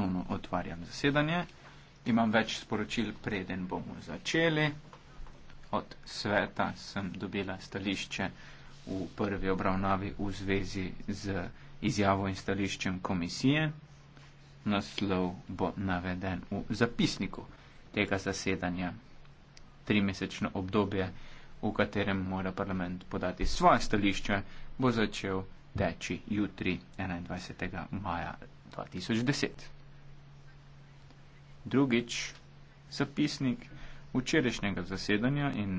ponovno otvarjam zasedanje. Imam več sporočil, preden bomo začeli. Od sveta sem dobila stališče v prvi obravnavi v zvezi z izjavo in stališčem komisije. Naslov bo naveden v zapisniku tega zasedanja. Trimesečno obdobje, v katerem mora parlament podati svoje stališče, bo začel teči jutri 21. maja 2010. Drugič, zapisnik včerajšnjega zasedanja in